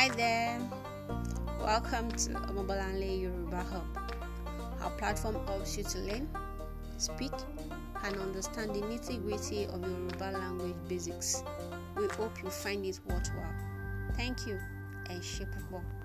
Hi there. Welcome to Omobolanle Yoruba Hub. Our platform helps you to learn, speak, and understand the nitty gritty of Yoruba language basics. We hope you find it worthwhile. Thank you and shape